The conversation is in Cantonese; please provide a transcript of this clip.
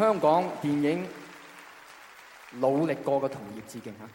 香港電影努力過嘅同業致敬嚇。